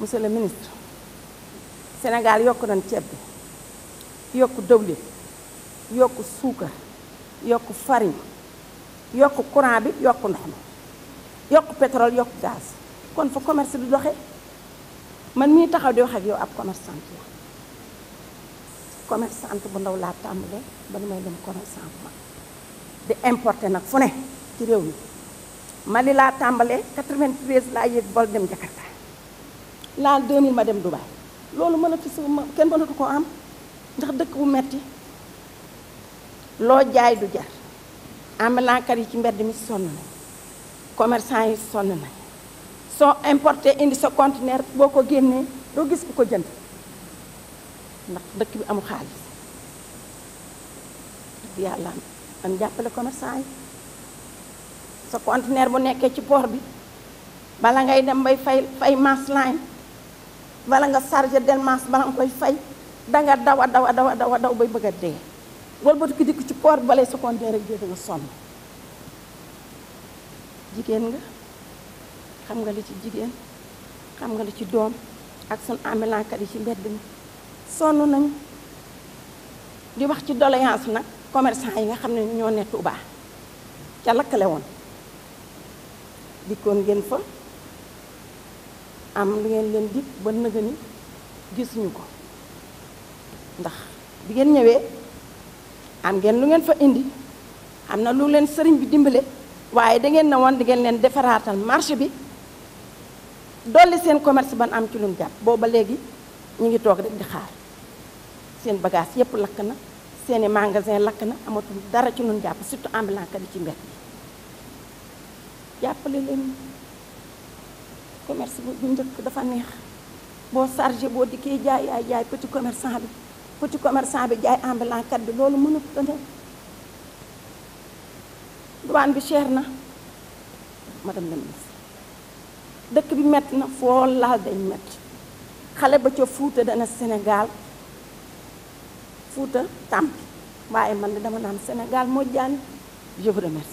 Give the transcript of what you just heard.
monsieur le ministre Sénégal yokk nañ ceeb bi yokk dëwlin yokk suukar yokk farine yokk courant bi yokk ndox mi yokk pétrole yokk gaz kon fa commerce bi doxe man mii taxaw di wax ak yow ab commerçant la commerçant bu ndaw laa tàmbale ba nu may dem commerçant bu di importer nag fu ne ci réew mi Mali laa tàmbale 93 laa yéeg bol dem Jakarta laal 2000 ma dem Dubaï loolu mën a fi ma kenn mënatu koo am ndax dëkk bu metti loo jaay du jar ambalaankat yi ci mbedd mi sonn nañ commerçant yi sonn nañ soo importé indi sa conteneur boo ko génnee doo gis ku ko jënd ndax dëkk bi amul xaalis yàlla am jàppale commerçant yi sa conteneur bu nekkee ci poor bi bala ngay dem bay fay fay mass line wala nga del mas bala nga koy fay da nga daw daw daw daw daw bay bëgg dé dee walbatu ki dik ci port balé secondaire ak nga son jigen nga xam nga li ci jigen xam nga li ci dom ak sun ambulankat ci mbedd mi di wax ci doléance nak commerçant yi nga xamné ñoo Touba ca lakalé won dikon ngeen fa am li ngeen leen dig ba nëga ni gisuñu ko ndax bi ngeen ñëwee am ngeen lu ngeen fa indi am na lu leen sëriñ bi dimbale waaye da ngeen na woon di ngeen leen defaraatal marché bi dolli seen commerce ban am ci luñ jàpp booba léegi ñu ngi toog rek di xaar seen bagage yépp lakk na seeni magasin lakk na amatul dara ci luñ jàpp surtout ambulant yi ci mbedd jàppale leen commerce bu njëkk dafa neex boo chargé boo dikkee jaay yaay jaay petit commerçant bi petit commerçant bi jaay ambulant kat bi loolu mënut a ne douane bi cher na madame la ministre dëkk bi metti na foo laal dañ metti xale ba ca Fuuta dana Sénégal Fuuta tàmpi waaye man de dama naan Sénégal moo jaan